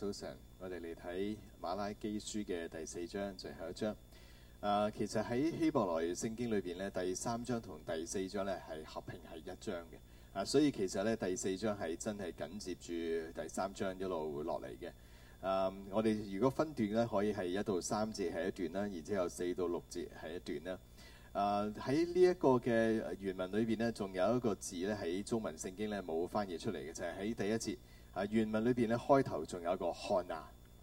早晨，so, sir, 我哋嚟睇馬拉基書嘅第四章最後一章。呃、其實喺希伯來聖經裏邊咧，第三章同第四章咧係合併係一章嘅。啊，所以其實咧第四章係真係緊接住第三章一路落嚟嘅。我哋如果分段咧，可以係一到三節係一段啦，然之後四到六節係一段啦。喺呢一個嘅原文裏邊咧，仲有一個字咧喺中文聖經咧冇翻譯出嚟嘅，就係、是、喺第一節。啊，原文裏邊咧開頭仲有一個看哪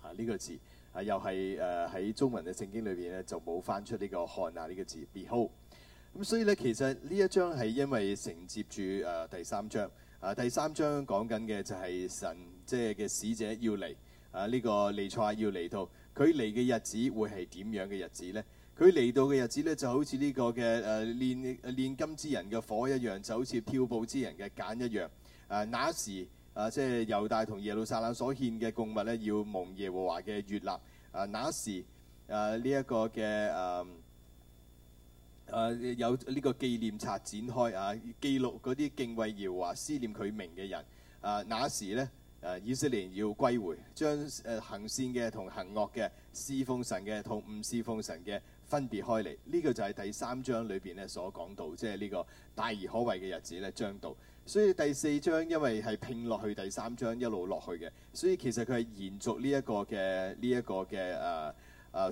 啊，呢、這個字啊，又係誒喺中文嘅聖經裏邊咧就冇翻出呢個看哪呢、這個字。Behold。咁，所以咧其實呢一章係因為承接住誒、呃、第三章啊，第三章講緊嘅就係神即係嘅使者要嚟啊，呢、這個彌賽亞要嚟到佢嚟嘅日子會係點樣嘅日子呢？佢嚟到嘅日子咧就好似呢個嘅誒煉煉金之人嘅火一樣，就好似漂布之人嘅鹼一樣啊。那、啊、時啊，即係猶大同耶路撒冷所獻嘅供物咧，要蒙耶和華嘅悅納。啊，那時啊，呢、這、一個嘅誒誒有呢個紀念冊展開啊，記錄嗰啲敬畏耶和華、思念佢名嘅人。啊，那時咧，誒、啊、以色列要歸回，將誒行善嘅同行惡嘅、侍奉神嘅同唔侍奉神嘅分別開嚟。呢、這個就係第三章裏邊咧所講到，即係呢個大而可畏嘅日子咧將到。所以第四章因為係拼落去第三章一路落去嘅，所以其實佢係延續呢一個嘅呢一個嘅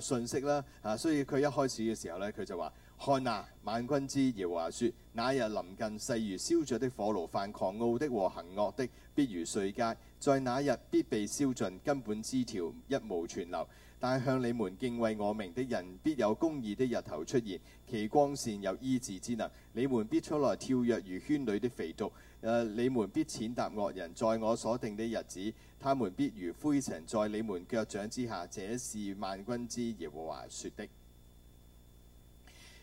誒誒信息啦。 啊，所以佢一開始嘅時候咧，佢就話：看哪，萬軍之耶和華說，那日臨近，勢如燒着的火爐，凡狂傲的和行惡的，必如碎秸。」在那日必被燒盡，根本枝條一無存留。但向你們敬畏我名的人，必有公義的日頭出現，其光線有醫治之能。你們必出來跳躍如圈裡的肥犢。誒、呃、你們必踐踏惡人，在我所定的日子，他們必如灰塵在你們腳掌之下。這是萬軍之耶和華說的。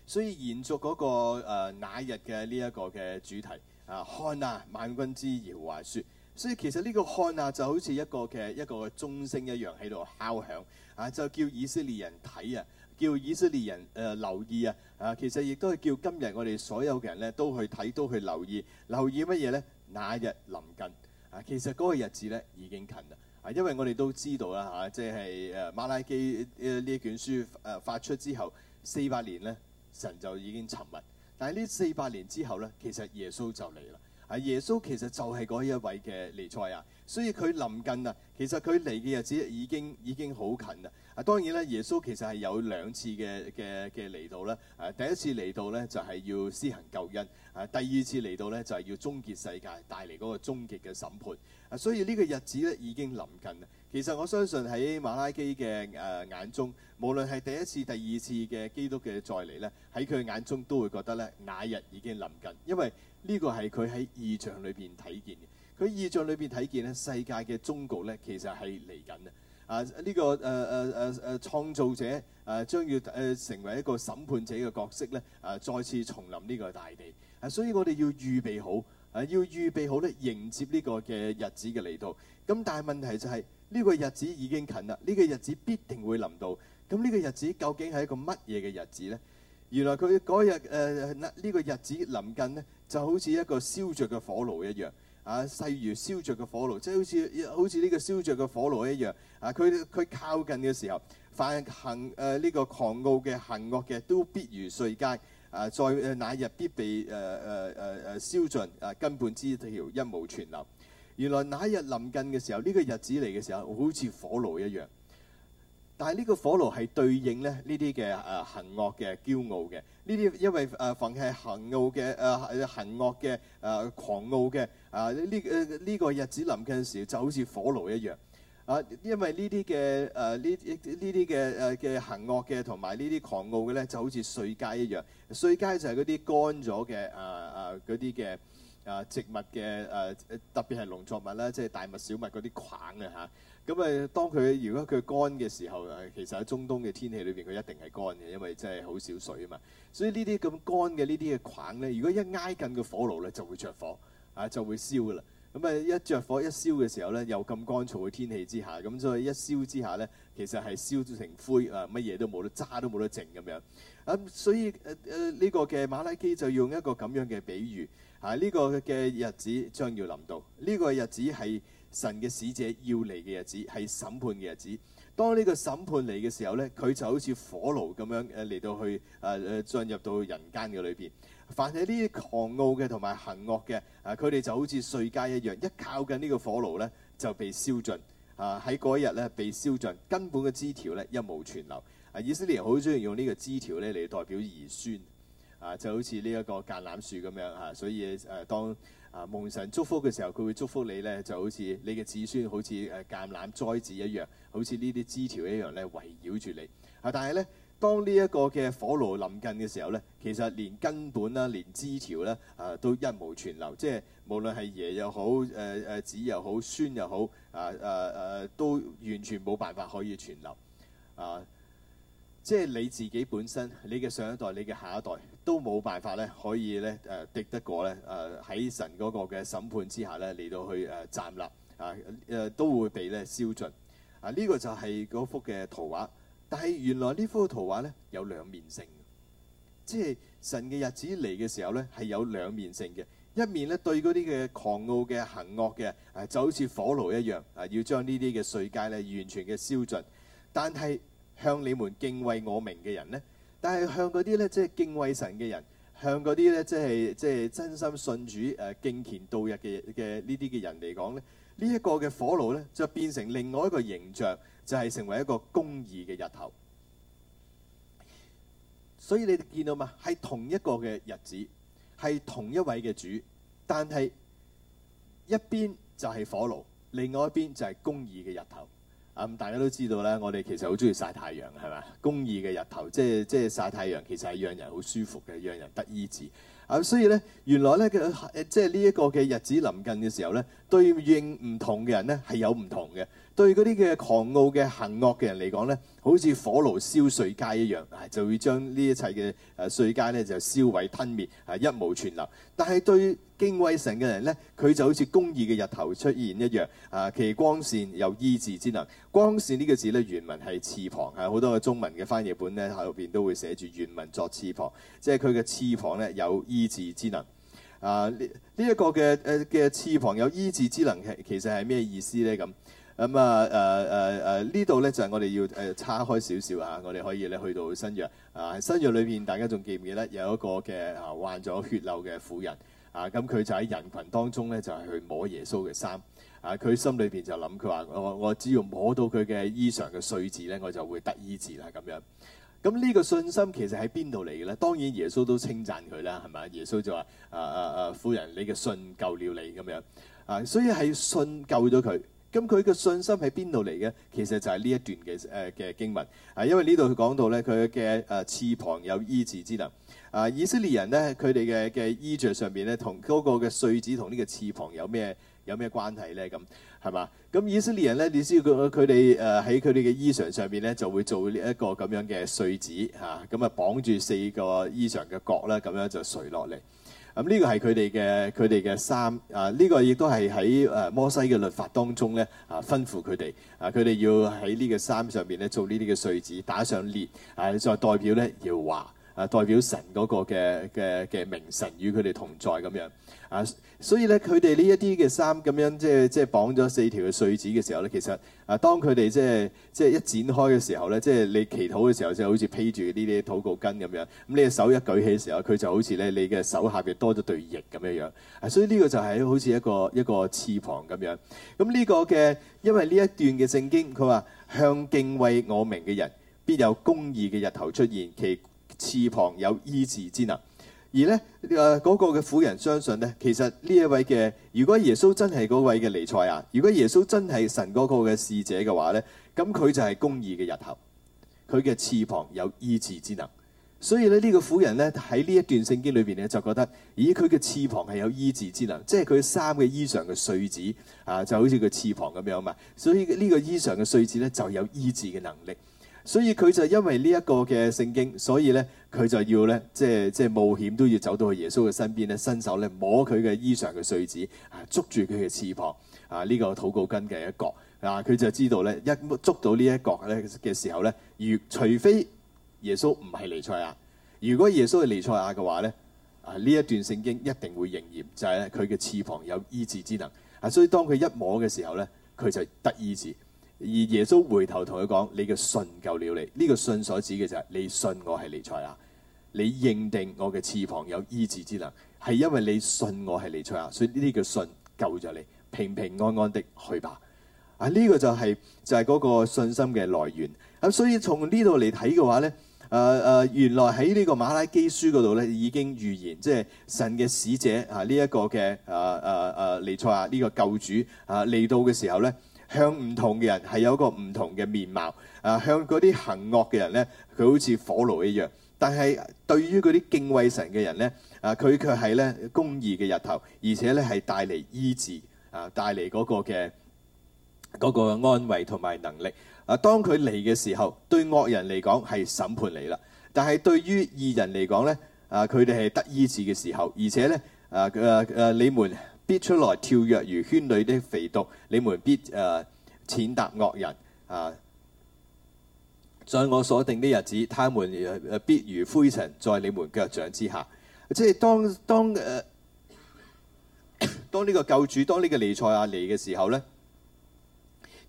所以延續嗰、那個那、呃、日嘅呢一個嘅主題啊，看啊，萬軍之耶和華説。所以其實呢個看啊，就好似一個嘅一個鐘聲一樣喺度敲響啊，就叫以色列人睇啊，叫以色列人誒、呃、留意啊啊，其實亦都係叫今日我哋所有嘅人咧都去睇，都去留意，留意乜嘢咧？那日臨近啊，其實嗰個日子咧已經近啦啊，因為我哋都知道啦吓，即係誒馬拉基誒呢一卷書誒發出之後四百年咧，神就已經沉默，但係呢四百年之後咧，其實耶穌就嚟啦。啊！耶穌其實就係嗰一位嘅彌賽亞，所以佢臨近啦。其實佢嚟嘅日子已經已經好近啦。啊，當然咧，耶穌其實係有兩次嘅嘅嘅嚟到咧。啊，第一次嚟到咧就係要施行救恩；啊，第二次嚟到咧就係要終結世界，帶嚟嗰個終極嘅審判。啊，所以呢個日子咧已經臨近啦。其實我相信喺馬拉基嘅誒眼中，無論係第一次、第二次嘅基督嘅再嚟咧，喺佢嘅眼中都會覺得咧，那日已經臨近，因為。呢個係佢喺異象裏邊睇見嘅，佢喺異象裏邊睇見咧，世界嘅終局呢，其實係嚟緊啊！呢、這個誒誒誒誒創造者誒、啊、將要誒成為一個審判者嘅角色呢誒、啊、再次重臨呢個大地啊！所以我哋要預備好啊，要預備好咧，迎接呢個嘅日子嘅嚟到。咁但係問題就係、是、呢、這個日子已經近啦，呢、這個日子必定會臨到。咁呢個日子究竟係一個乜嘢嘅日子呢？原來佢嗰日誒呢、呃、這個日子臨近呢，就好似一個燒着嘅火爐一樣，啊，勢如燒着嘅火爐，即係好似好似呢個燒着嘅火爐一樣。啊，佢佢靠近嘅時候，凡行誒呢、呃、這個狂傲嘅、行惡嘅，都必如碎稭。啊，在、呃、哪日必被誒誒誒誒燒盡。啊，根本枝條一無存留。原來那一日臨近嘅時候，呢、這個日子嚟嘅時候，好似火爐一樣。但係呢個火爐係對應咧呢啲嘅誒行惡嘅驕傲嘅，呢啲因為誒凡係行傲嘅誒行惡嘅誒狂傲嘅，啊呢誒呢個日子臨近時就好似火爐一樣啊，因為呢啲嘅誒呢呢啲嘅誒嘅行惡嘅同埋呢啲狂傲嘅咧就好似碎秸一樣，碎秸就係嗰啲乾咗嘅啊啊啲嘅啊植物嘅誒、啊、特別係農作物啦，即、就、係、是、大麥小麥嗰啲框嘅嚇。啊咁誒、嗯，當佢如果佢乾嘅時候，誒其實喺中東嘅天氣裏邊，佢一定係乾嘅，因為真係好少水啊嘛。所以這這呢啲咁乾嘅呢啲嘅捆咧，如果一挨近個火爐咧，就會着火，啊就會燒噶啦。咁、嗯、誒一着火一燒嘅時候咧，有咁乾燥嘅天氣之下，咁所以一燒之下咧，其實係燒成灰啊，乜嘢都冇得渣，都冇得剩咁樣。咁、啊、所以誒誒呢個嘅瑪拉基就用一個咁樣嘅比喻，啊呢、這個嘅日子將要臨到，呢、這個日子係。神嘅使者要嚟嘅日子係審判嘅日子。當呢個審判嚟嘅時候呢，佢就好似火爐咁樣誒嚟到去誒誒、啊、進入到人間嘅裏邊。凡係呢啲狂傲嘅同埋行惡嘅啊，佢哋就好似碎稭一樣，一靠近呢個火爐呢就被燒盡啊！喺嗰一日呢，被燒盡，根本嘅枝條呢一無存留。啊，以色列人好中意用呢個枝條呢嚟代表兒孫啊，就好似呢一個橄欖樹咁樣啊，所以誒、啊、當。啊！蒙神祝福嘅時候，佢會祝福你呢，就好似你嘅子孫，好似誒橄欖栽子一樣，好似呢啲枝條一樣咧，圍繞住你。嚇、啊！但係呢，當呢一個嘅火爐臨近嘅時候呢，其實連根本啦、啊，連枝條咧、啊，啊，都一無存留。即係無論係爺又好，誒、啊、誒、啊、子又好，孫又好，啊啊啊，都完全冇辦法可以存留。啊！即係你自己本身，你嘅上一代，你嘅下一代。都冇辦法咧，可以咧誒敵得過咧，誒喺神嗰個嘅審判之下咧，嚟到去誒站立啊，誒都會被咧燒盡啊呢、這個就係嗰幅嘅圖畫。但係原來呢幅圖畫咧有兩面性，即係神嘅日子嚟嘅時候咧係有兩面性嘅。一面咧對嗰啲嘅狂傲嘅行惡嘅誒就好似火爐一樣啊，要將呢啲嘅碎稭咧完全嘅燒盡。但係向你們敬畏我名嘅人咧。但係向嗰啲咧即係敬畏神嘅人，向嗰啲咧即係即係真心信主、誒敬虔度日嘅嘅呢啲嘅人嚟講咧，呢一個嘅火爐咧就變成另外一個形象，就係成為一個公義嘅日頭。所以你哋見到嘛，係同一個嘅日子，係同一位嘅主，但係一邊就係火爐，另外一邊就係公義嘅日頭。啊！大家都知道咧，我哋其實好中意晒太陽，係咪？公義嘅日頭，即係即係曬太陽，其實係讓人好舒服嘅，讓人得醫治。啊，所以咧，原來咧嘅誒，即係呢一個嘅日子臨近嘅時候咧，對應唔同嘅人咧，係有唔同嘅。對嗰啲嘅狂傲嘅行惡嘅人嚟講咧，好似火爐燒碎稭一樣，啊，就會將呢一切嘅誒碎稭咧就燒燬吞滅，係、啊、一無存留。但係對敬畏神嘅人咧，佢就好似公義嘅日頭出現一樣，啊，其光線有醫治之能。光線呢個字呢，原文係翅膀，係、啊、好多嘅中文嘅翻譯本咧，後邊都會寫住原文作翅膀，即係佢嘅翅膀呢，有醫治之能。啊，呢呢一個嘅誒嘅翅膀有醫治之能，其其實係咩意思呢？咁咁啊誒誒誒呢度呢，就我哋要誒、呃、叉開少少啊，我哋可以咧去到新約啊，新約裏面大家仲記唔記得有一個嘅啊患咗血漏嘅婦人啊，咁佢、啊啊、就喺人群當中呢，就係、是、去摸耶穌嘅衫。啊！佢心裏邊就諗，佢話：我我只要摸到佢嘅衣裳嘅穗子咧，我就會得醫治啦咁樣。咁呢個信心其實喺邊度嚟嘅咧？當然耶穌都稱讚佢啦，係咪？耶穌就話：啊啊啊！夫人，你嘅信救了你咁樣。啊，所以係信救咗佢。咁佢嘅信心喺邊度嚟嘅？其實就係呢一段嘅誒嘅經文。啊，因為講呢度佢講到咧，佢嘅誒翅膀有醫治之能。啊，以色列人呢，佢哋嘅嘅衣着上面呢，同嗰個嘅穗子同呢個翅膀有咩？有咩關係咧？咁係嘛？咁以色列人咧，你知佢佢哋誒喺佢哋嘅衣裳上邊咧，就會做呢一個咁樣嘅穗子嚇，咁啊綁住四個衣裳嘅角咧，咁樣就垂落嚟。咁呢個係佢哋嘅佢哋嘅衫啊，呢、這個亦都係喺誒摩西嘅律法當中咧啊吩咐佢哋啊，佢哋要喺呢個衫上邊咧做呢啲嘅穗子，打上裂啊，再代表咧要華。啊、代表神嗰個嘅嘅嘅名神與佢哋同在咁樣啊，所以咧佢哋呢一啲嘅衫咁樣，即係即係綁咗四條嘅穗子嘅時候咧，其實啊，當佢哋即係即係一展開嘅時候咧，即係你祈禱嘅時候即係好似披住呢啲禱告巾咁樣咁、嗯、你嘅手一舉起嘅時候，佢就好似咧你嘅手下邊多咗對翼咁樣樣啊。所以呢個就係好似一個一個翅膀咁樣咁呢、嗯這個嘅因為呢一段嘅聖經佢話向敬畏我名嘅人必有公義嘅日頭出現。其。翅膀有醫治之能，而呢誒嗰、呃那個嘅婦人相信呢，其實呢一位嘅，如果耶穌真係嗰位嘅彌賽亞，如果耶穌真係神嗰個嘅使者嘅話呢，咁佢就係公義嘅日頭，佢嘅翅膀有醫治之能，所以咧呢、這個婦人呢，喺呢一段聖經裏邊呢，就覺得，咦佢嘅翅膀係有醫治之能，即係佢三嘅衣裳嘅碎紙啊，就好似佢翅膀咁樣嘛，所以呢個衣裳嘅碎紙呢，就有醫治嘅能力。所以佢就因為呢一個嘅聖經，所以咧佢就要咧，即係即係冒險都要走到去耶穌嘅身邊咧，伸手咧摸佢嘅衣裳嘅穗子，啊捉住佢嘅翅膀，啊呢、這個土告根嘅一角，啊佢就知道咧一捉到呢一角咧嘅時候咧，如除非耶穌唔係彌賽亞，如果耶穌係彌賽亞嘅話咧，啊呢一段聖經一定會應驗，就係咧佢嘅翅膀有醫治之能，啊所以當佢一摸嘅時候咧，佢就得醫治。而耶穌回頭同佢講：你嘅信救了你。呢、這個信所指嘅就係、是、你信我係彌賽亞，你認定我嘅翅膀有醫治之能，係因為你信我係彌賽亞，所以呢啲叫信救咗你，平平安安的去吧。啊，呢、這個就係、是、就係、是、嗰個信心嘅來源。咁、啊、所以從呢度嚟睇嘅話呢，誒、呃、誒、呃，原來喺呢個馬拉基書嗰度咧已經預言，即係神嘅使者啊，呢、這、一個嘅誒誒誒彌賽亞呢個救主啊嚟到嘅時候呢。」向唔同嘅人係有一個唔同嘅面貌，啊向嗰啲行惡嘅人咧，佢好似火爐一樣；但係對於嗰啲敬畏神嘅人咧，啊佢卻係咧公義嘅日頭，而且咧係帶嚟醫治，啊帶嚟嗰個嘅嗰個安慰同埋能力。啊，當佢嚟嘅時候，對惡人嚟講係審判嚟啦；但係對於義人嚟講咧，啊佢哋係得醫治嘅時候，而且咧，啊啊啊你們，必出來跳躍如圈裏的肥犢，你們必誒、呃、踐踏惡人啊！在我所定的日子，他們必如灰塵在你們腳掌之下。即係當當誒，當呢、呃、個救主當呢個彌賽亞嚟嘅時候呢，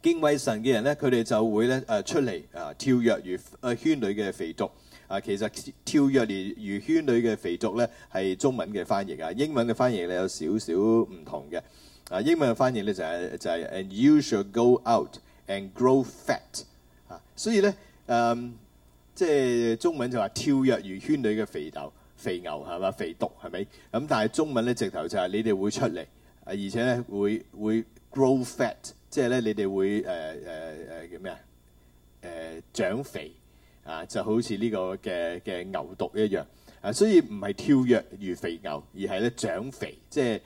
敬畏神嘅人咧，佢哋就會咧誒出嚟啊，跳躍如誒圈裏嘅肥犢。啊，其實跳躍如圈裏嘅肥犢咧，係中文嘅翻譯啊，英文嘅翻譯咧有少少唔同嘅。啊，英文嘅翻譯咧就係、是、就係、是、and you should go out and grow fat。啊，所以咧，嗯，即係中文就話跳躍如圈裏嘅肥，肥牛，肥牛係嘛，肥犢係咪？咁但係中文咧直頭就係你哋會出嚟，啊，而且咧會會 grow fat，即係咧你哋會誒誒誒叫咩啊？誒、呃呃呃呃、長肥。啊，就好似呢、這個嘅嘅牛犢一樣，啊，所以唔係跳躍如肥牛，而係咧長肥，即係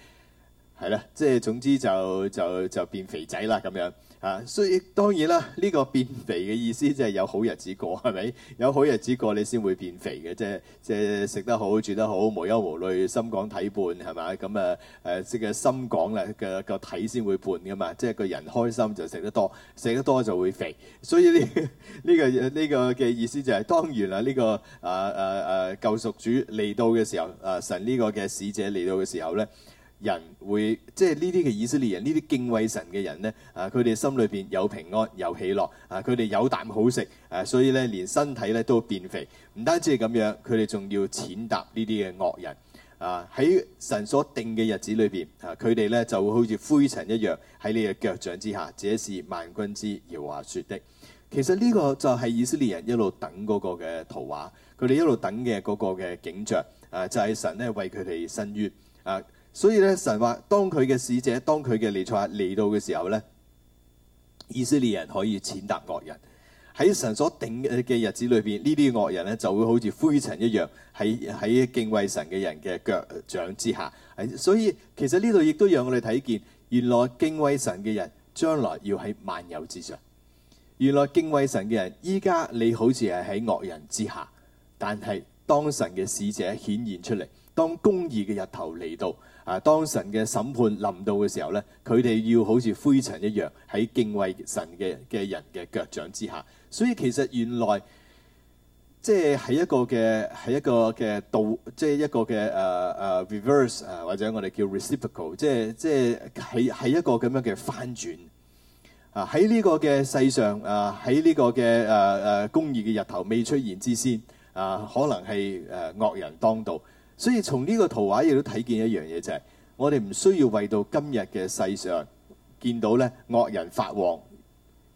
係啦，即係總之就就就變肥仔啦咁樣。啊，所以當然啦，呢、這個變肥嘅意思即係有好日子過，係咪？有好日子過，你先會變肥嘅，即係即係食得好、住得好、無憂無慮、心廣體胖，係咪？咁啊誒、啊，即係心廣咧嘅個體先會胖㗎嘛，即係個人開心就食得多，食得多就會肥。所以呢、這、呢個呢、這個嘅、這個、意思就係、是，當然啦，呢、這個啊啊啊救贖主嚟到嘅時候，啊神呢個嘅使者嚟到嘅時候咧。人會即係呢啲嘅以色列人，呢啲敬畏神嘅人呢，啊，佢哋心裏邊有平安有喜樂，啊，佢哋有啖好食，誒、啊，所以呢，連身體咧都變肥。唔單止係咁樣，佢哋仲要踐踏呢啲嘅惡人。啊，喺神所定嘅日子裏邊，啊，佢哋呢就會好似灰塵一樣喺你嘅腳掌之下，這是萬軍之耶和華說的。其實呢個就係以色列人一路等嗰個嘅圖畫，佢哋一路等嘅嗰個嘅景象，誒、啊，就係、是、神咧為佢哋伸冤，誒、啊。啊所以咧，神話當佢嘅使者、當佢嘅彌賽亞嚟到嘅時候呢，以色列人可以踐踏惡人。喺神所定嘅日子裏邊，呢啲惡人咧就會好似灰塵一樣，喺喺敬畏神嘅人嘅腳掌之下。所以其實呢度亦都讓我哋睇見，原來敬畏神嘅人將來要喺萬有之上。原來敬畏神嘅人，依家你好似係喺惡人之下，但係當神嘅使者顯現出嚟，當公義嘅日頭嚟到。啊！當神嘅審判臨到嘅時候咧，佢哋要好似灰塵一樣喺敬畏神嘅嘅人嘅腳掌之下。所以其實原來即係喺一個嘅喺一個嘅道，即係一個嘅誒誒 reverse 啊，或者我哋叫 reciprocal，即係即係係係一個咁樣嘅翻轉啊！喺呢個嘅世上啊，喺呢個嘅誒誒公義嘅日頭未出現之先啊，可能係誒 uh 惡人當道。所以從呢個圖畫亦都睇見一樣嘢，就係我哋唔需要為到今日嘅世上見到咧惡人發旺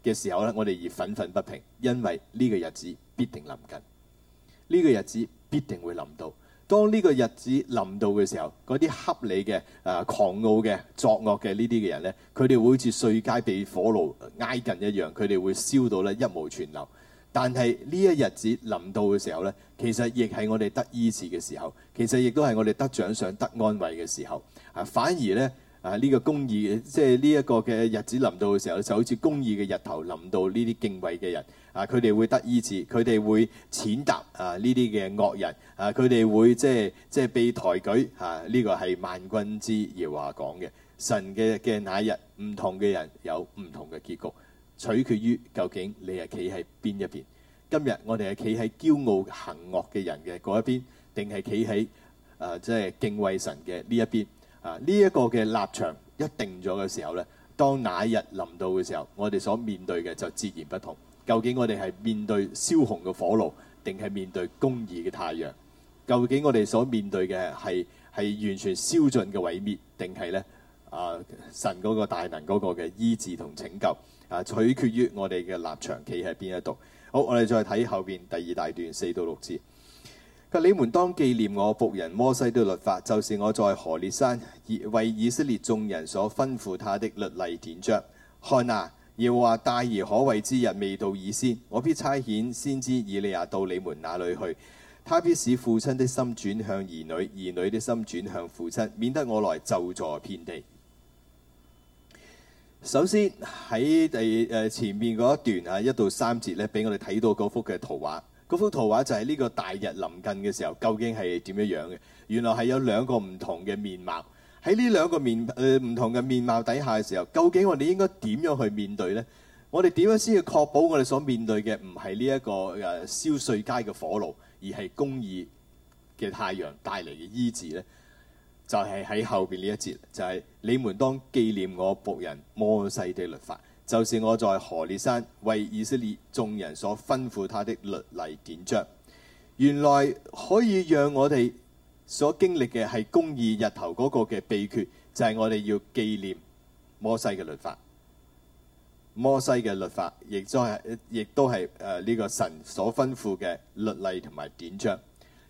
嘅時候咧，我哋而憤憤不平，因為呢個日子必定臨近，呢、呢個日子必定會臨到。當呢個日子臨到嘅時候，嗰啲恰理嘅啊狂傲嘅作惡嘅呢啲嘅人咧，佢哋會好似碎秸被火爐挨近一樣，佢哋會燒到咧一無存留。但係呢一日子臨到嘅時候呢，其實亦係我哋得醫治嘅時候，其實亦都係我哋得獎賞、得安慰嘅時候。啊，反而呢，啊呢個公義，即係呢一個嘅日子臨到嘅時候，就好似公義嘅日頭臨到呢啲敬畏嘅人，啊佢哋會得醫治，佢哋會踐踏啊呢啲嘅惡人，啊佢哋會即係即係被抬舉。啊、這、呢個係萬軍之耶和華講嘅，神嘅嘅那日，唔同嘅人有唔同嘅結局。取決於究竟你係企喺邊一邊。今日我哋係企喺驕傲行惡嘅人嘅嗰一邊，定係企喺誒即係敬畏神嘅呢一邊啊？呢一個嘅立場一定咗嘅時候咧，當那一日臨到嘅時候，我哋所面對嘅就截然不同。究竟我哋係面對燒紅嘅火爐，定係面對公義嘅太陽？究竟我哋所面對嘅係係完全燒盡嘅毀滅，定係咧啊神嗰個大能嗰個嘅醫治同拯救？取決於我哋嘅立場企喺邊一度。好，我哋再睇後邊第二大段四到六節。嗱，你們當記念我僕人摩西的律法，就是我在何烈山以為以色列眾人所吩咐他的律例典章。看啊，要話大而可畏之日未到以先，我必差遣先知以利亞到你們那裡去。他必使父親的心轉向兒女，兒女的心轉向父親，免得我來就坐遍地。首先喺第誒前面一段嚇一到三節咧，俾我哋睇到嗰幅嘅圖畫。嗰幅圖畫就係呢個大日臨近嘅時候，究竟係點樣樣嘅？原來係有兩個唔同嘅面貌。喺呢兩個面誒唔、呃、同嘅面貌底下嘅時候，究竟我哋應該點樣去面對呢？我哋點樣先要確保我哋所面對嘅唔係呢一個誒、呃、燒碎稭嘅火爐，而係公義嘅太陽帶嚟嘅醫治呢？就係喺後邊呢一節，就係、是、你們當紀念我僕人摩西的律法，就是我在何烈山為以色列眾人所吩咐他的律例典章。原來可以讓我哋所經歷嘅係公義日頭嗰個嘅秘訣，就係、是、我哋要紀念摩西嘅律法。摩西嘅律法亦、就是、都係亦都係誒呢個神所吩咐嘅律例同埋典章。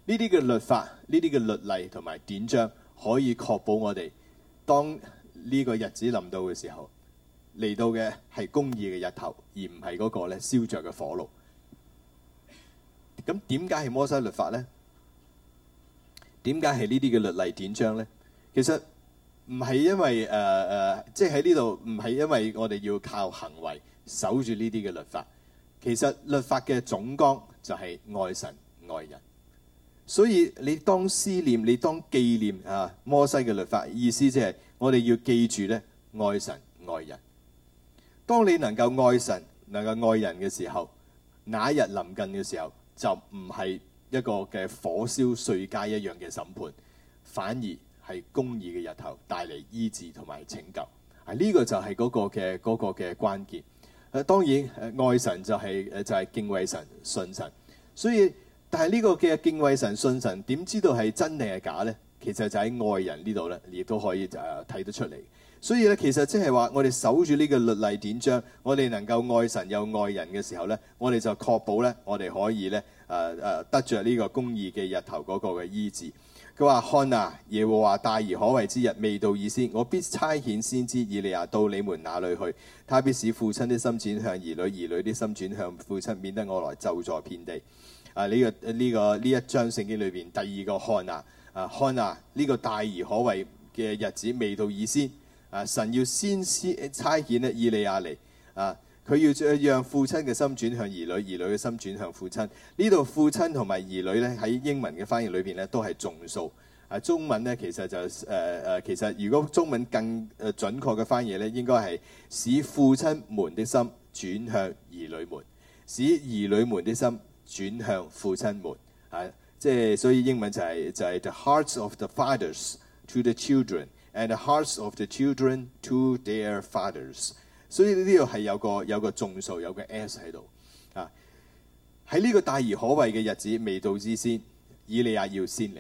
呢啲嘅律法，呢啲嘅律例同埋典章。可以確保我哋當呢個日子臨到嘅時候，嚟到嘅係公義嘅日頭，而唔係嗰個咧燒著嘅火爐。咁點解係摩西律法咧？點解係呢啲嘅律例典章咧？其實唔係因為誒誒，即係喺呢度唔係因為我哋要靠行為守住呢啲嘅律法。其實律法嘅總綱就係愛神愛人。所以你當思念，你當紀念啊摩西嘅律法，意思即係我哋要記住咧，愛神愛人。當你能夠愛神、能夠愛人嘅時候，那一日臨近嘅時候，就唔係一個嘅火燒碎街一樣嘅審判，反而係公義嘅日頭帶嚟醫治同埋拯救。啊，呢、這個就係嗰個嘅嗰個嘅關鍵。誒、啊、當然誒愛神就係、是、誒就係、是、敬畏神、信神，所以。但係呢個嘅敬畏神、信神，點知道係真定係假呢？其實就喺愛人呢度呢，你都可以就睇、呃、得出嚟。所以咧，其實即係話我哋守住呢個律例典章，我哋能夠愛神又愛人嘅時候呢，我哋就確保呢，我哋可以呢，誒、呃、誒、呃、得着呢個公義嘅日頭嗰個嘅醫治。佢話，看啊耶和華大而可畏之日未到以先，我必差遣先知以利亞到你們那裏去，他必使父親的心轉向兒女，兒女的心轉向父親，免得我來咒詛遍地。啊！呢、這個呢、啊這個呢一章聖經裏邊第二個漢娜啊，漢啊，呢、這個大而可畏嘅日子未到以先啊，神要先先差遣呢以利亞嚟啊。佢要讓父親嘅心轉向兒女，兒女嘅心轉向父親。呢度父親同埋兒女呢，喺英文嘅翻譯裏邊呢，都係眾數啊。中文呢，其實就誒誒、呃，其實如果中文更準確嘅翻譯呢，應該係使父親們的心轉向兒女們，使兒女們的心。轉向父親們，啊，即係所以英文就係、是、就係、是、the hearts of the fathers to the children，and the hearts of the children to their fathers。所以呢度係有個有個眾數有個 s 喺度，啊，喺呢個大而可畏嘅日子未到之先，以利亞要先嚟。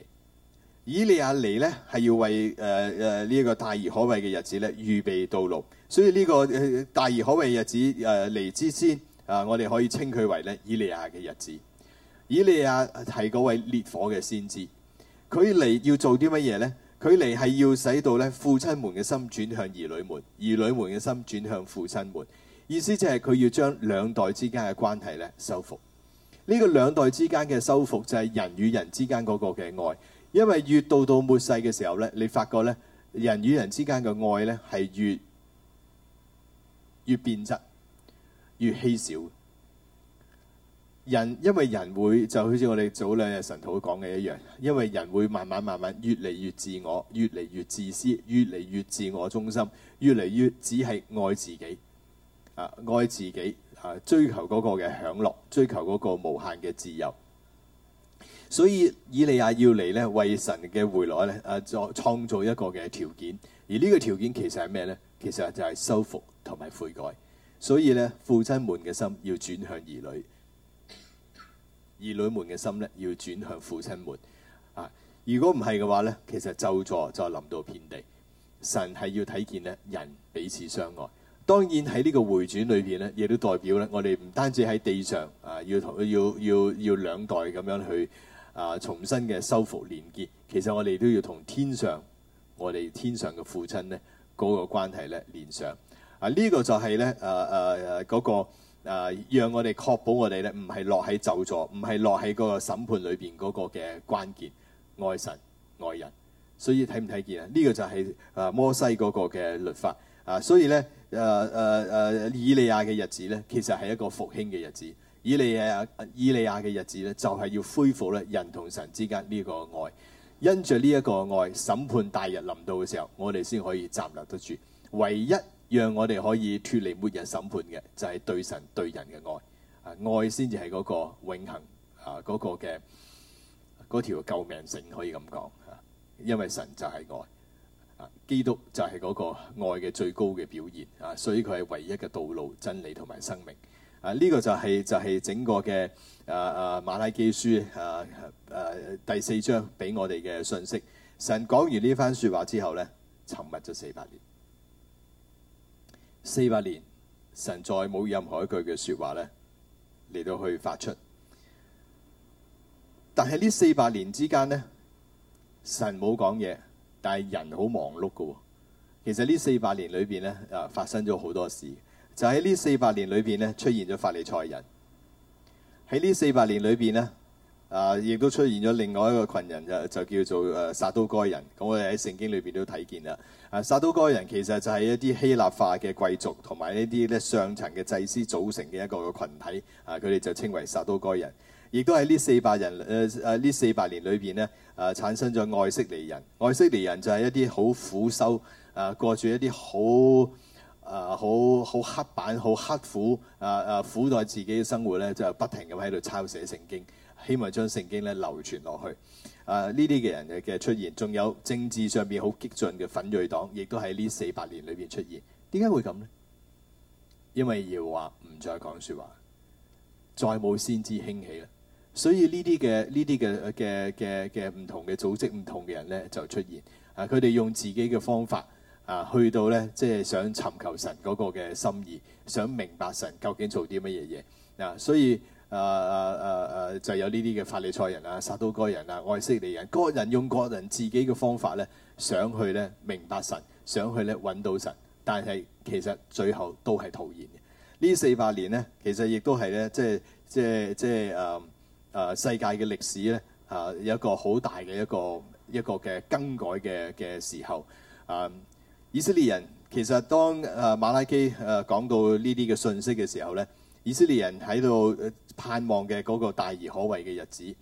以利亞嚟呢係要為誒誒呢一個大而可畏嘅日子咧預備道路。所以呢、這個、呃、大而可畏嘅日子誒嚟、呃、之先。啊！我哋可以稱佢為咧以利亞嘅日子。以利亞係嗰位烈火嘅先知，佢嚟要做啲乜嘢呢？佢嚟係要使到咧父親們嘅心轉向兒女們，兒女們嘅心轉向父親們。意思就係佢要將兩代之間嘅關係咧修復。呢、這個兩代之間嘅修復就係人與人之間嗰個嘅愛，因為越到到末世嘅時候咧，你發覺咧人與人之間嘅愛咧係越越變質。越稀少，人因為人會就好似我哋早兩日晨禱講嘅一樣，因為人會慢慢慢慢越嚟越自我，越嚟越自私，越嚟越自我中心，越嚟越只係愛自己，啊愛自己啊追求嗰個嘅享樂，追求嗰個無限嘅自由。所以以利亞要嚟呢，為神嘅回來呢，啊，創造一個嘅條件，而呢個條件其實係咩呢？其實就係修復同埋悔改。所以咧，父親們嘅心要轉向兒女，兒女們嘅心咧要轉向父親們。啊，如果唔係嘅話咧，其實咒詛就臨到遍地。神係要睇見咧人彼此相愛。當然喺呢個回轉裏邊咧，亦都代表咧，我哋唔單止喺地上啊，要同要要要兩代咁樣去啊重新嘅修復連結。其實我哋都要同天上我哋天上嘅父親呢，嗰、那個關係咧連上。啊！呢個就係咧，誒誒嗰個誒，讓我哋確保我哋咧，唔係落喺咒詛，唔係落喺嗰個審判裏邊嗰個嘅關鍵，愛神愛人。所以睇唔睇見啊？呢個就係誒摩西嗰個嘅律法。啊，所以咧，誒誒誒，以利亞嘅日子咧，其實係一個復興嘅日子。以利亞，以利亞嘅日子咧，就係要恢復咧人同神之間呢個愛。因著呢一個愛，審判大日臨到嘅時候，我哋先可以站立得住。唯一。讓我哋可以脫離末日審判嘅，就係、是、對神對人嘅愛啊！愛先至係嗰個永恆啊，嗰、那個嘅嗰條救命線可以咁講啊！因為神就係愛啊，基督就係嗰個愛嘅最高嘅表現啊，所以佢係唯一嘅道路、真理同埋生命啊！呢、這個就係、是、就係、是、整個嘅啊啊馬拉基書啊啊第四章俾我哋嘅信息。神講完呢番說話之後咧，沉默咗四百年。四百年，神再冇任何一句嘅説話咧，嚟到去發出。但係呢四百年之間咧，神冇講嘢，但係人好忙碌嘅。其實呢四百年裏邊咧啊，發生咗好多事。就喺、是、呢四百年裏邊咧，出現咗法利賽人。喺呢四百年裏邊咧。啊！亦都出現咗另外一個群人，就就叫做誒撒都該人。咁我哋喺聖經裏邊都睇見啦。啊，撒都該人其實就係一啲希臘化嘅貴族同埋呢啲咧上層嘅祭司組成嘅一個個羣體。啊，佢哋就稱為撒都該人。亦都喺呢四百人誒誒呢四百年裏邊呢，啊產生咗愛色尼人。愛色尼人就係一啲好苦修啊，過住一啲好啊好好刻板、好刻苦啊啊苦待自己嘅生活咧，就不停咁喺度抄寫聖經。希望將聖經咧流傳落去，啊呢啲嘅人嘅嘅出現，仲有政治上面好激進嘅奮銳黨，亦都喺呢四百年裏邊出現。點解會咁咧？因為耶和華唔再講説話，再冇先知興起啦。所以呢啲嘅呢啲嘅嘅嘅嘅唔同嘅組織、唔同嘅人咧就出現。啊，佢哋用自己嘅方法啊，去到咧即係想尋求神嗰個嘅心意，想明白神究竟做啲乜嘢嘢嗱。所以啊啊啊啊！Uh, uh, uh, 就有呢啲嘅法利賽人啊、撒都該人啊、愛色尼人，各人用各人自己嘅方法咧，想去咧明白神，想去咧揾到神，但係其實最後都係徒然嘅。呢四百年呢，其實亦都係咧，即係即係即係誒誒世界嘅歷史咧，嚇、啊、有一個好大嘅一個一個嘅更改嘅嘅時候。啊，以色列人其實當誒、啊、瑪拉基誒講到呢啲嘅信息嘅時候咧。以色列人喺度盼望嘅嗰個大而可畏嘅日子，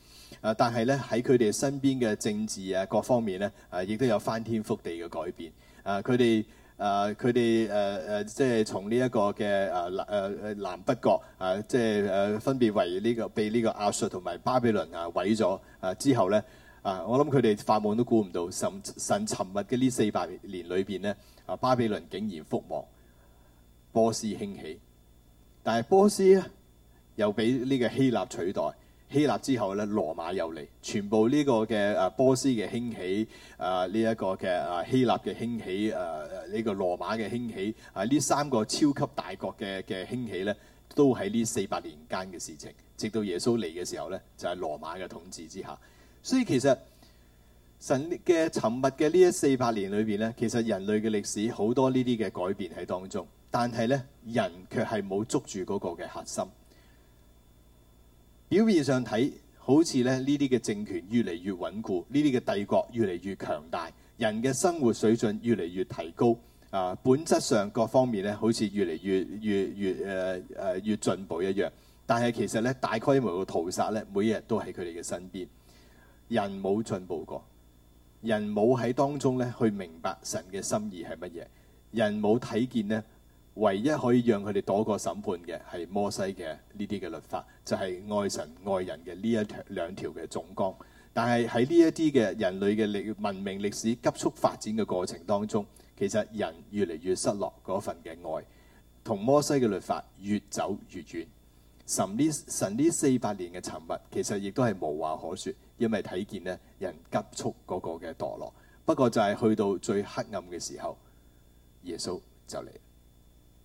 啊！但係呢，喺佢哋身邊嘅政治啊各方面呢，啊亦都有翻天覆地嘅改變。啊！佢哋啊佢哋誒誒，即係從呢一個嘅啊誒誒南北國啊，即係誒、啊啊啊、分別為呢、呢個被呢個亞述同埋巴比倫啊毀咗啊之後呢，啊，我諗佢哋發夢都估唔到，神神沉默嘅呢四百年裏邊呢，啊巴比倫竟然覆亡，波斯興起。但係波斯咧，又俾呢個希臘取代，希臘之後咧，羅馬又嚟，全部呢個嘅誒波斯嘅興起，誒呢一個嘅誒希臘嘅興起，誒、這、呢個羅馬嘅興起，係呢三個超級大國嘅嘅興起咧，都喺呢四百年間嘅事情，直到耶穌嚟嘅時候咧就係、是、羅馬嘅統治之下，所以其實神嘅沉默嘅呢一四百年裏邊咧，其實人類嘅歷史好多呢啲嘅改變喺當中。但係咧，人卻係冇捉住嗰個嘅核心。表面上睇，好似咧呢啲嘅政權越嚟越穩固，呢啲嘅帝國越嚟越強大，人嘅生活水準越嚟越提高。啊，本質上各方面咧，好似越嚟越越越誒誒、呃、越進步一樣。但係其實咧，大規模嘅屠殺咧，每日都喺佢哋嘅身邊。人冇進步過，人冇喺當中咧去明白神嘅心意係乜嘢，人冇睇見呢。唯一可以讓佢哋躲過審判嘅係摩西嘅呢啲嘅律法，就係愛神愛人嘅呢一兩條嘅總綱。但係喺呢一啲嘅人類嘅歷文明歷史急速發展嘅過程當中，其實人越嚟越失落嗰份嘅愛，同摩西嘅律法越走越遠。神呢，神呢，四百年嘅沉默其實亦都係無話可説，因為睇見咧人急速嗰個嘅墮落。不過就係去到最黑暗嘅時候，耶穌就嚟。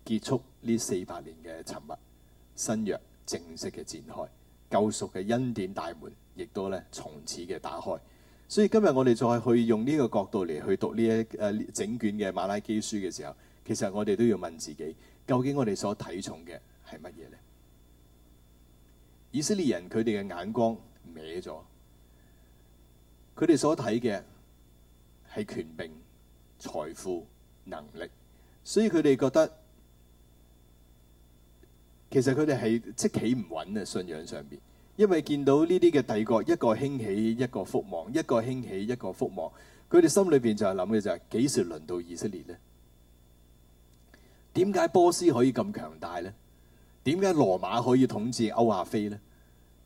結束呢四百年嘅沉默，新約正式嘅展開，救贖嘅恩典大門亦都咧從此嘅打開。所以今日我哋再去用呢個角度嚟去讀呢一誒整卷嘅馬拉基書嘅時候，其實我哋都要問自己，究竟我哋所睇重嘅係乜嘢呢？以色列人佢哋嘅眼光歪咗，佢哋所睇嘅係權柄、財富、能力，所以佢哋覺得。其實佢哋係即企唔穩嘅信仰上邊，因為見到呢啲嘅帝國一個興起一個覆亡，一個興起一個覆亡。佢哋心裏邊就係諗嘅就係幾時輪到以色列呢？點解波斯可以咁強大呢？點解羅馬可以統治歐亞非呢？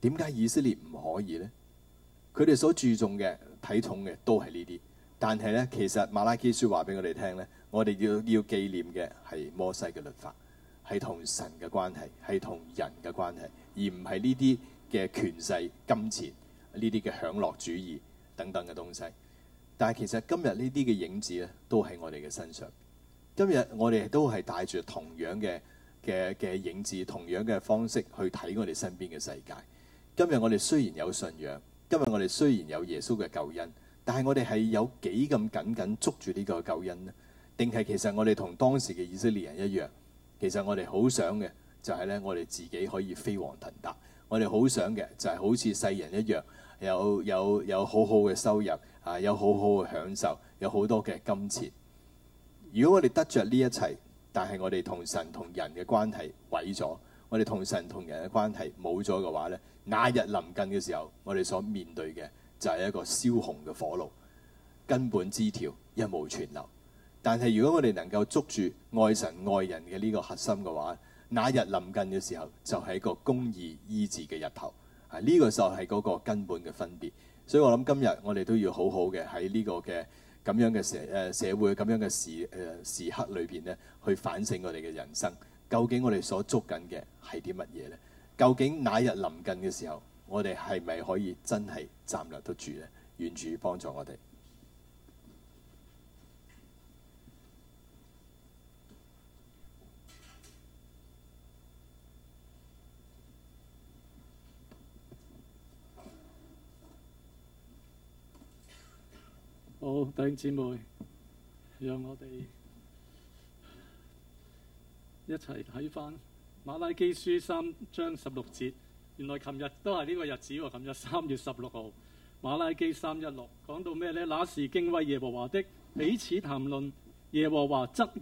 點解以色列唔可以呢？佢哋所注重嘅睇重嘅都係呢啲，但係呢其實瑪拉基書話俾我哋聽呢，我哋要要紀念嘅係摩西嘅律法。係同神嘅關係，係同人嘅關係，而唔係呢啲嘅權勢、金錢、呢啲嘅享樂主義等等嘅東西。但係其實今日呢啲嘅影子咧，都喺我哋嘅身上。今日我哋都係帶住同樣嘅嘅嘅影子，同樣嘅方式去睇我哋身邊嘅世界。今日我哋雖然有信仰，今日我哋雖然有耶穌嘅救恩，但係我哋係有幾咁緊緊捉住呢個救恩呢？定係其實我哋同當時嘅以色列人一樣？其實我哋好想嘅就係咧，我哋自己可以飛黃騰達；我哋好想嘅就係好似世人一樣，有有有好好嘅收入，啊有好好嘅享受，有好多嘅金錢。如果我哋得着呢一切，但係我哋同神同人嘅關係毀咗，我哋同神同人嘅關係冇咗嘅話呢，那日臨近嘅時候，我哋所面對嘅就係一個燒紅嘅火爐，根本枝條一無存留。但係，如果我哋能夠捉住愛神愛人嘅呢個核心嘅話，那日臨近嘅時候就係、是、一個公義醫治嘅日頭。啊，呢個就係嗰個根本嘅分別。所以我諗今日我哋都要好好嘅喺呢個嘅咁樣嘅社誒社會咁樣嘅時誒、呃、時刻裏邊咧，去反省我哋嘅人生。究竟我哋所捉緊嘅係啲乜嘢呢？究竟那日臨近嘅時候，我哋係咪可以真係站立得住呢？願主幫助我哋。好，弟兄姊妹，讓我哋一齊睇翻馬拉基書三章十六節。原來琴日都係呢個日子喎，琴日三月十六號。馬拉基三一六講到咩呢？「那時敬畏耶和華的彼此談論，耶和華側耳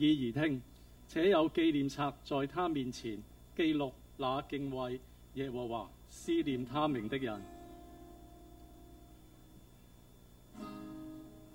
而聽，且有紀念冊在他面前記錄那敬畏耶和華、思念他名的人。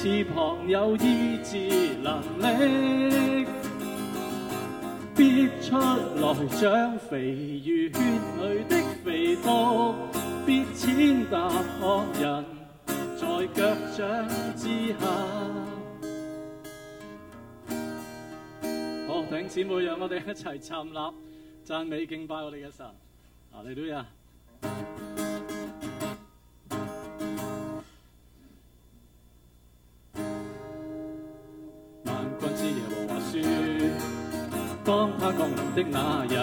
翅膀有醫治能力，必出來長肥如圈裏的肥豬，必踐踏惡人在腳掌之下。好，請姐妹讓我哋一齊站立，贊美敬拜我哋嘅神。嗱，嚟到呀！的那日，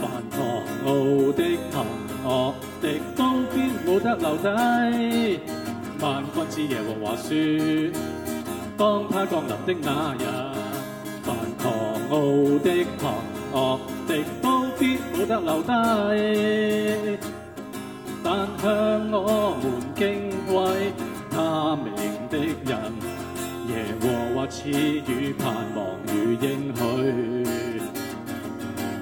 凡狂傲的、行惡的都必冇得留低。萬軍之耶和華說：當他降臨的那日，凡狂傲的、行惡的都必冇得留低。但向我們敬畏他名的人，耶和華賜予盼望與應許。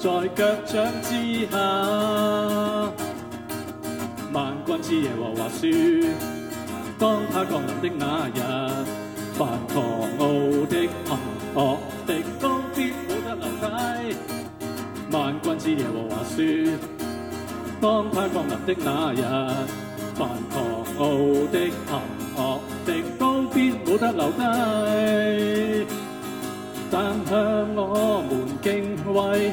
在腳掌之下，萬軍之耶和華説：當他降臨的那日，凡狂傲的、行惡的都必冇得留低。」萬軍之耶和華説：當他降臨的那日，凡狂傲的、行惡的都必冇得留低。」但向我們敬畏。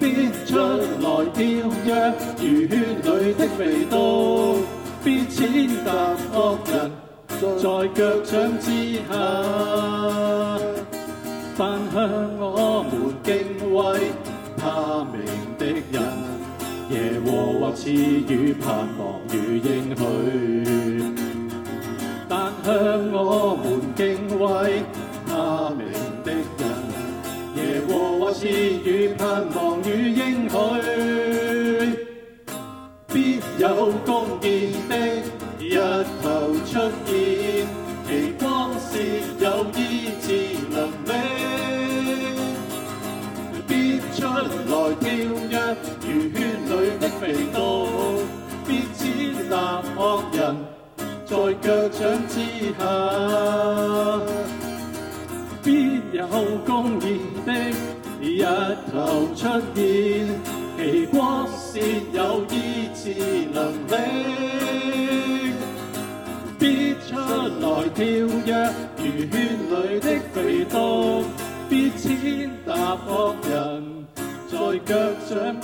必出來跳躍如圈裏的味道，必踐踏惡人在腳掌之下， 但向我們敬畏他名的人，耶 和華賜予盼望與應許，但向我們敬畏他名。怕 何事與盼望與應許，必有公義的日頭出現。其光是有醫治能力。必出來跳躍如圈裏的肥犢，必踐踏那惡人在腳掌之下。有公義的日頭出現，其光線有醫治能力，必出來跳躍，如圈裏的肥犢，必踐踏各人在腳掌。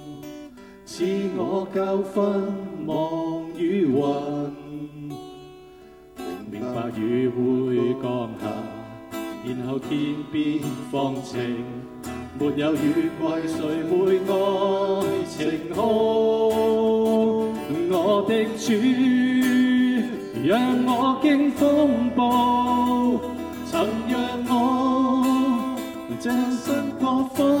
賜我教訓，望雨雲，明白雨會降下，然後天邊放晴。沒有雨季，誰會愛晴空？我的主，讓我經風暴，曾讓我將心過風。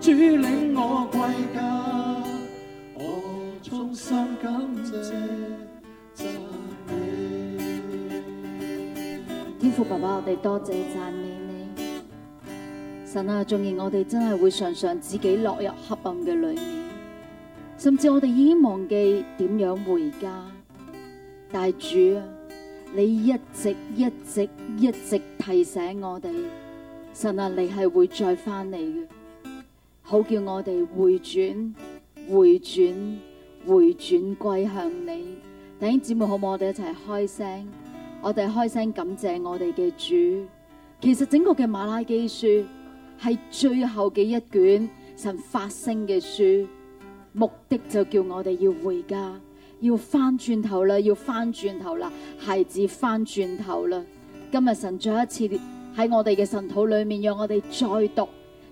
主領我歸家，我衷心感謝讚美天父爸爸，我哋多謝讚美你。神啊，縱然我哋真係會常常自己落入黑暗嘅裏面，甚至我哋已經忘記點樣回家，但主啊，你一直一直一直提醒我哋，神啊，你係會再翻嚟嘅。好叫我哋回轉、回轉、回轉歸向你。弟兄姊妹好唔好？我哋一齊開聲，我哋開聲感謝我哋嘅主。其實整個嘅馬拉基書係最後嘅一卷神發聲嘅書，目的就叫我哋要回家，要翻轉頭啦，要翻轉頭啦，孩子翻轉頭啦。今日神再一次喺我哋嘅神土裏面，讓我哋再讀。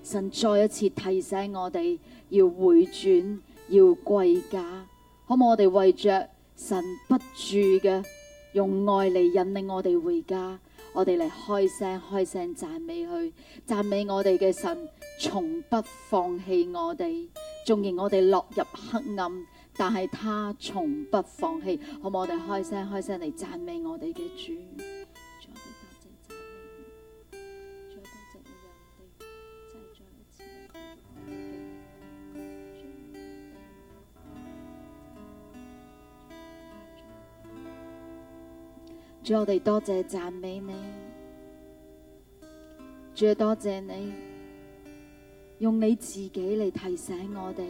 神再一次提醒我哋要回轉，要歸家，可唔可以我哋為着神不住嘅用愛嚟引領我哋回家？我哋嚟開聲開聲讚美佢，讚美我哋嘅神從不放棄我哋，縱然我哋落入黑暗，但係他從不放棄，可唔可以我哋開聲開聲嚟讚美我哋嘅主？主，我哋多謝讚美你，主，多謝你用你自己嚟提醒我哋，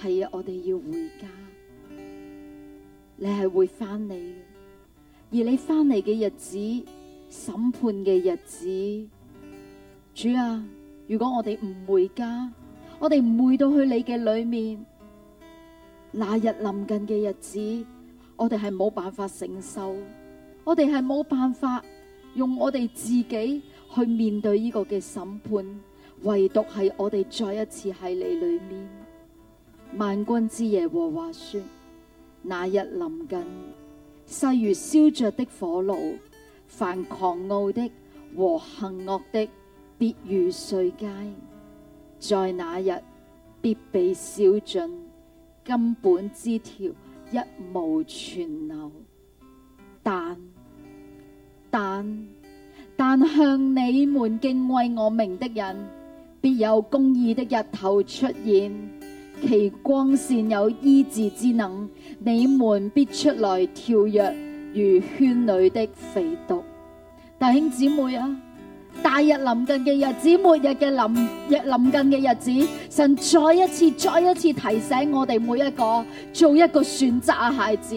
係啊，我哋要回家，你係會翻嚟，而你翻嚟嘅日子，審判嘅日子，主啊，如果我哋唔回家，我哋唔回到去你嘅裏面，那日臨近嘅日子，我哋係冇辦法承受。我哋係冇辦法用我哋自己去面對呢個嘅審判，唯獨係我哋再一次喺你裏面。萬軍之耶和華說：那日臨近，細如燒着的火爐，凡狂傲的和行惡的，必如碎秸，在那日必被燒盡，根本枝條一無存留。但但但向你們敬畏我名的人，必有公義的日頭出現，其光線有醫治之能，你們必出來跳躍，如圈裏的肥犢。弟兄姊妹啊，大日臨近嘅日子，末日嘅臨，日臨近嘅日子，神再一次再一次提醒我哋每一個，做一個選擇啊，孩子。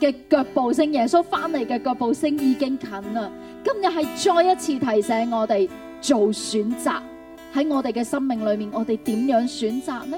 嘅腳步聲，耶穌返嚟嘅腳步聲已經近啦。今日係再一次提醒我哋做選擇，喺我哋嘅生命裏面，我哋點樣選擇呢？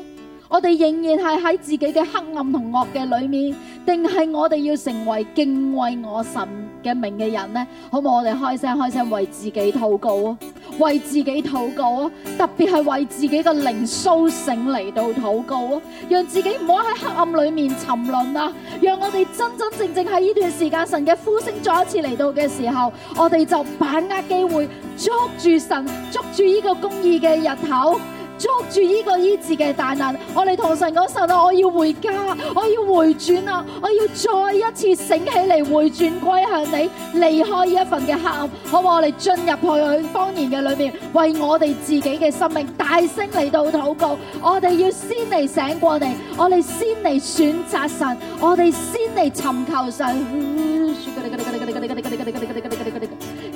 我哋仍然係喺自己嘅黑暗同惡嘅裏面，定係我哋要成為敬畏我神嘅名嘅人呢？好唔好？我哋開聲開聲為自己禱告啊，為自己禱告啊，特別係為自己個靈甦醒嚟到禱告啊，讓自己唔好喺黑暗裏面沉淪啊！讓我哋真真正正喺呢段時間神嘅呼聲再一次嚟到嘅時候，我哋就把握機會捉住神，捉住呢個公義嘅日頭。捉住呢個醫治嘅大能，我哋同神講，神啊！我要回家，我要回轉啊！我要再一次醒起嚟，回轉歸向你，離開呢一份嘅黑暗，好，我哋進入去方言嘅裏面，為我哋自己嘅生命大聲嚟到禱告。我哋要先嚟醒過你，我哋先嚟選擇神，我哋先嚟尋求神。嗯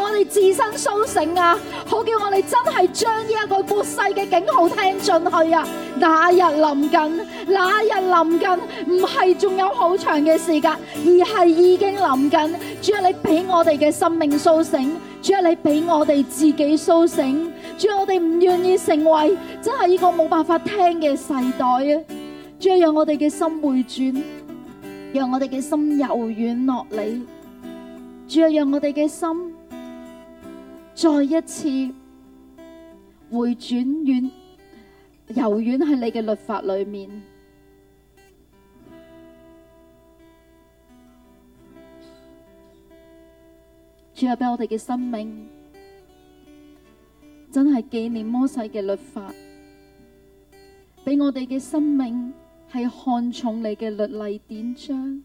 我哋自身甦醒啊，好叫我哋真係將呢一個末世嘅警號聽進去啊！那日臨近，那日臨近，唔係仲有好長嘅時間，而係已經臨近。主要你俾我哋嘅生命甦醒，主要你俾我哋自己甦醒，主要我哋唔願意成為真係呢個冇辦法聽嘅世代啊！主要讓我哋嘅心回轉，讓我哋嘅心柔軟落嚟，主要讓我哋嘅心。再一次回轉遠柔軟喺你嘅律法裏面，主，入俾我哋嘅生命，真係紀念摩西嘅律法，俾我哋嘅生命係看重你嘅律例典章，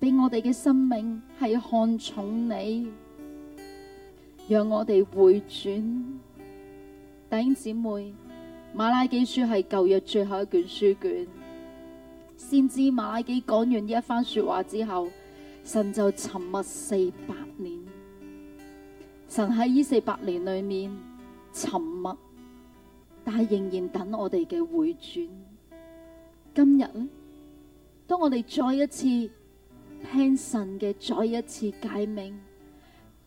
俾我哋嘅生命係看重你。讓我哋回轉，弟兄姊妹，馬拉基書係舊約最後一卷書卷。先知馬拉基講完呢一番說話之後，神就沉默四百年。神喺呢四百年裏面沉默，但係仍然等我哋嘅回轉。今日咧，當我哋再一次聽神嘅，再一次解明，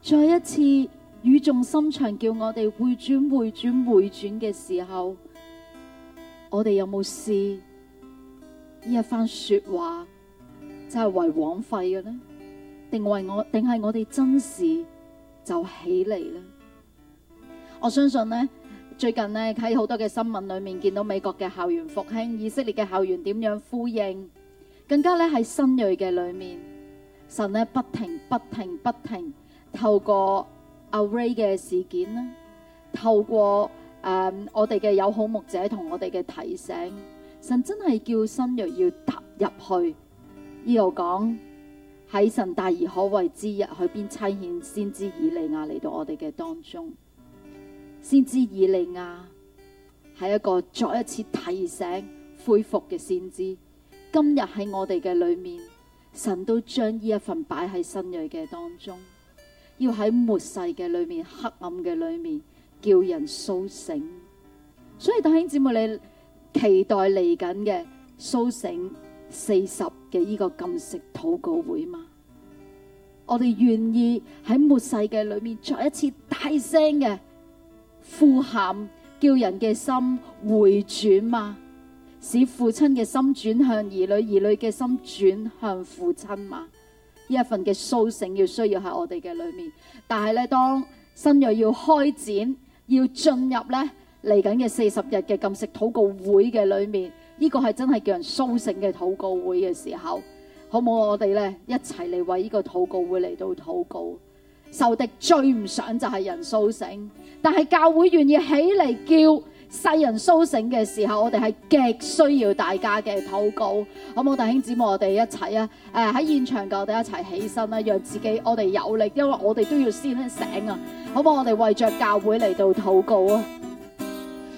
再一次。語重心長叫我哋會轉會轉會轉嘅時候，我哋有冇試呢？一番說話真係為枉費嘅呢？定為我定係我哋真事就起嚟呢？我相信呢，最近呢，喺好多嘅新聞裏面見到美國嘅校園復興，以色列嘅校園點樣呼應，更加咧喺新銳嘅裏面，神呢，不停不停不停，不停透過。阿 Ray 嘅事件啦，透過誒、嗯、我哋嘅友好牧者同我哋嘅提醒，神真係叫新銳要踏入去。呢度講，喺神大而可畏之日，去邊差遣先知以利亞嚟到我哋嘅當中。先知以利亞係一個再一次提醒恢復嘅先知。今日喺我哋嘅裏面，神都將呢一份擺喺新銳嘅當中。要喺末世嘅裏面，黑暗嘅裏面叫人蘇醒，所以弟兄姊妹，你期待嚟緊嘅蘇醒四十嘅呢個禁食禱告會嗎？我哋願意喺末世嘅裏面，再一次大聲嘅呼喊，叫人嘅心回轉嗎？使父親嘅心轉向兒女，兒女嘅心轉向父親嗎？呢一份嘅甦醒要需要喺我哋嘅裏面，但係咧，當新銳要開展、要進入咧嚟緊嘅四十日嘅禁食禱告會嘅裏面，呢個係真係叫人甦醒嘅禱告會嘅時候，好唔好？我哋咧一齊嚟為呢個禱告會嚟到禱告。仇敵最唔想就係人甦醒，但係教會願意起嚟叫世人甦醒嘅時候，我哋係極需要大家嘅禱告。好冇？弟兄姊妹，我哋一齊啊！誒、呃、喺現場我哋一齊起身啦，讓自己我哋有力，因為我哋都要先醒啊！好冇？我哋為着教會嚟到禱告啊！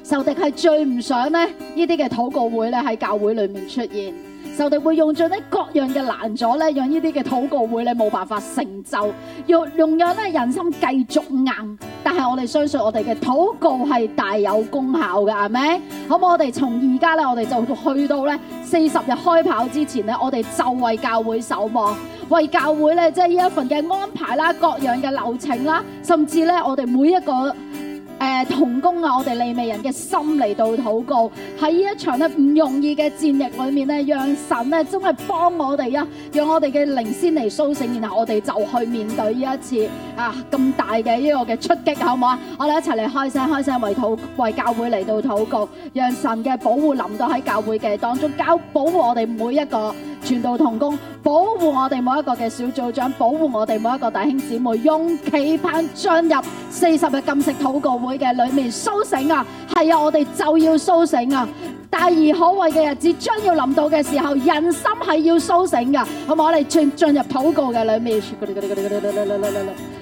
仇敵係最唔想咧呢啲嘅禱告會咧喺教會裡面出現。佢哋會用盡呢各樣嘅難阻咧，讓呢啲嘅禱告會咧冇辦法成就，用用讓咧人心繼續硬。但係我哋相信我哋嘅禱告係大有功效嘅，係咪？咁我哋從而家咧，我哋就去到咧四十日開跑之前咧，我哋就為教會守望，為教會咧即係呢、就是、一份嘅安排啦，各樣嘅流程啦，甚至咧我哋每一個。誒、呃，同工啊，我哋利未人嘅心嚟到禱告，喺呢一場咧唔容易嘅戰役裏面咧，讓神咧真係幫我哋啊，讓我哋嘅靈先嚟甦醒，然後我哋就去面對呢一次啊咁大嘅呢個嘅出擊，好唔好啊？我哋一齊嚟開聲開聲為禱為教會嚟到禱告，讓神嘅保護臨到喺教會嘅當中，教保護我哋每一個。傳道同工保護我哋每一個嘅小組長，保護我哋每一個弟兄姊妹，用企盼進入四十日禁食禱告會嘅裏面蘇醒啊！係啊，我哋就要蘇醒啊！大而可畏嘅日子將要臨到嘅時候，人心係要蘇醒嘅，好唔好？我哋進進入禱告嘅裏面。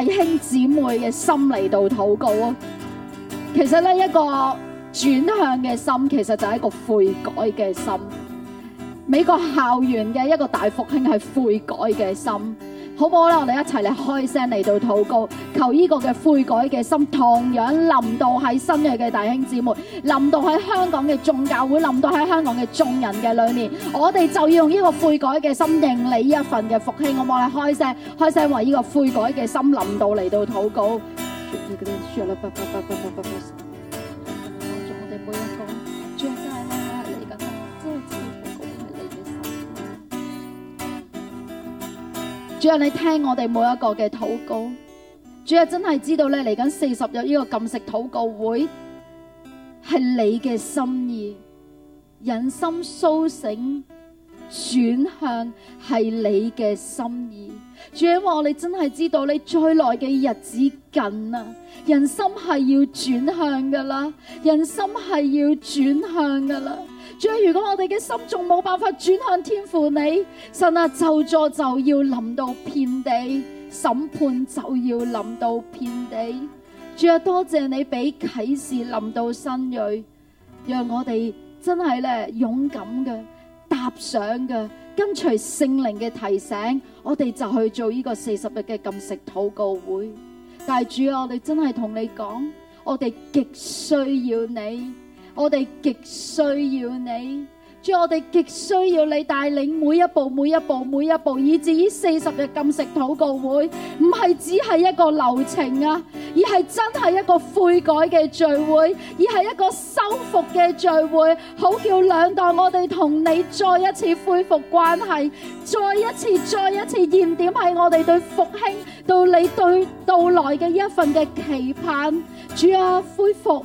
弟兄姊妹嘅心嚟到禱告啊，其實咧，一個轉向嘅心，其實就係一個悔改嘅心。美國校園嘅一個大復興，係悔改嘅心。好唔好啦？我哋一齊嚟開聲嚟到禱告，求呢個嘅悔改嘅心同樣臨到喺新銳嘅弟兄姊妹，臨到喺香港嘅眾教會，臨到喺香港嘅眾人嘅裏面，我哋就要用呢個悔改嘅心認你呢一份嘅福氣。我望你開聲，開聲為呢個悔改嘅心臨到嚟到禱告。主啊，你聽我哋每一個嘅禱告，主啊，真係知道咧嚟緊四十日呢個禁食禱告會係你嘅心意，人心蘇醒轉向係你嘅心意。主啊，話你真係知道你再嚟嘅日子近啦，人心係要轉向噶啦，人心係要轉向噶啦。主、主啊，如果我哋嘅心仲冇辦法轉向天父你，你神啊，咒詛，就要臨到遍地，審判就要臨到遍地。主啊，多謝你俾啟示臨到新銳，讓我哋真係咧勇敢嘅踏上嘅，跟隨聖靈嘅提醒，我哋就去做呢個四十日嘅禁食禱告會。但係主啊，我哋真係同你講，我哋極需要你。我哋極需要你，主，我哋極需要你帶領每一步，每一步，每一步，以至於四十日禁食禱告會，唔係只係一個流程啊，而係真係一個悔改嘅聚會，而係一個修復嘅聚會。好叫兩代我哋同你再一次恢復關係，再一次，再一次驗點係我哋對復興到你對到來嘅一份嘅期盼。主啊，恢復！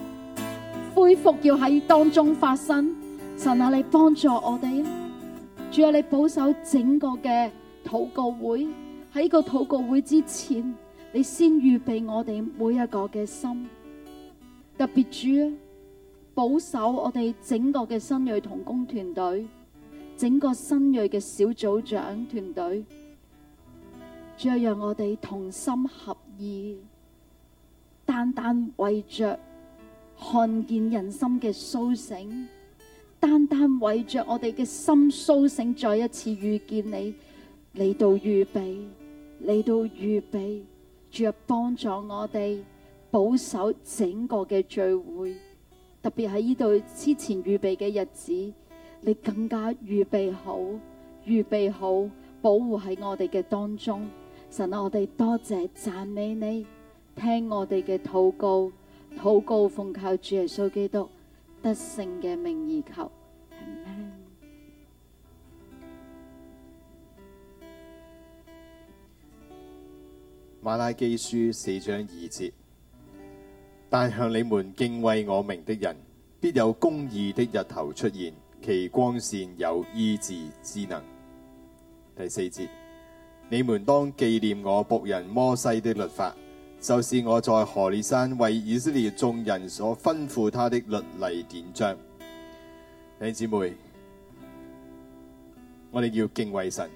恢復要喺當中發生，神啊，你幫助我哋，仲有、啊、你保守整個嘅禱告會喺個禱告會之前，你先預備我哋每一個嘅心，特別主啊，保守我哋整個嘅新銳同工團隊，整個新銳嘅小組長團隊，主啊，讓我哋同心合意，單單為着。看見人心嘅蘇醒，單單為着我哋嘅心蘇醒，再一次遇見你，嚟到預備，嚟到預備，進入幫助我哋保守整個嘅聚會，特別喺呢度之前預備嘅日子，你更加預備好，預備好，保護喺我哋嘅當中，神我哋多謝讚美你，聽我哋嘅禱告。禱告奉靠主耶穌基督得勝嘅名義求，阿門。馬拉基書四章二節：但向你們敬畏我名的人，必有公義的日頭出現，其光綫有醫治之能。第四節：你們當紀念我僕人摩西的律法。就是我在何烈山為以色列眾人所吩咐他的律例典章。弟兄姊妹，我哋要敬畏神。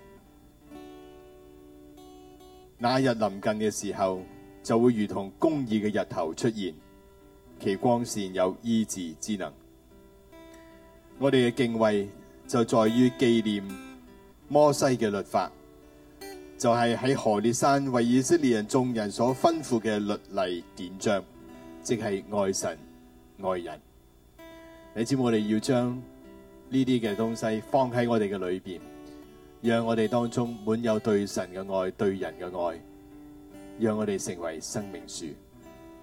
那日臨近嘅時候，就會如同公義嘅日頭出現，其光線有醫治之能。我哋嘅敬畏就在於紀念摩西嘅律法。就係喺何烈山為以色列人眾人所吩咐嘅律例典章，即係愛神愛人。你知唔知我哋要將呢啲嘅東西放喺我哋嘅裏邊，讓我哋當中滿有對神嘅愛、對人嘅愛，讓我哋成為生命樹。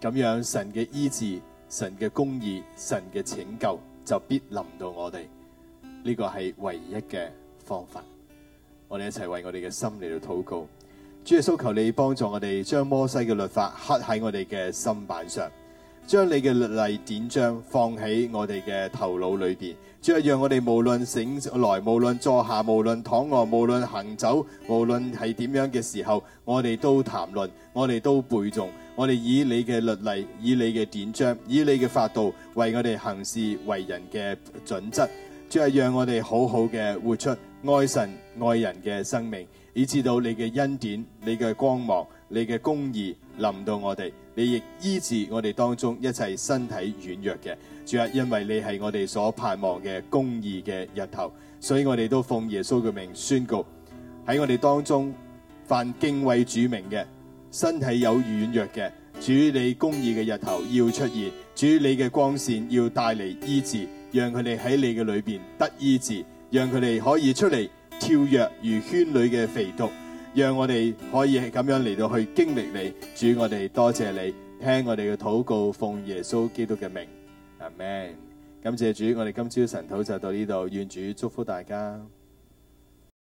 咁樣神嘅醫治、神嘅公義、神嘅拯救就必臨到我哋。呢、呢個係唯一嘅方法。我哋一齊為我哋嘅心嚟到禱告。主耶穌求你幫助我哋，將摩西嘅律法刻喺我哋嘅心板上，將你嘅律例典章放喺我哋嘅頭腦裏邊。主啊，讓我哋無論醒來，無論坐下，無論躺臥，無論行走，無論係點樣嘅時候，我哋都談論，我哋都背誦，我哋以你嘅律例，以你嘅典章，以你嘅法度，為我哋行事為人嘅準則。主啊，讓我哋好好嘅活出，愛神愛人嘅生命，以至到你嘅恩典、你嘅光芒、你嘅公義臨到我哋，你亦醫治我哋當中一切身體軟弱嘅主啊！因為你係我哋所盼望嘅公義嘅日頭，所以我哋都奉耶穌嘅名宣告，喺我哋當中犯敬畏主名嘅身體有軟弱嘅，主你公義嘅日頭要出現，主你嘅光綫要帶嚟醫治，讓佢哋喺你嘅裏邊得醫治。讓佢哋可以出嚟跳躍如圈裏嘅肥犢，讓我哋可以係咁樣嚟到去經歷你，主我哋多謝你，聽我哋嘅禱告，奉耶穌基督嘅名，阿 Man，感謝主，我哋今朝晨禱就到呢度，願主祝福大家。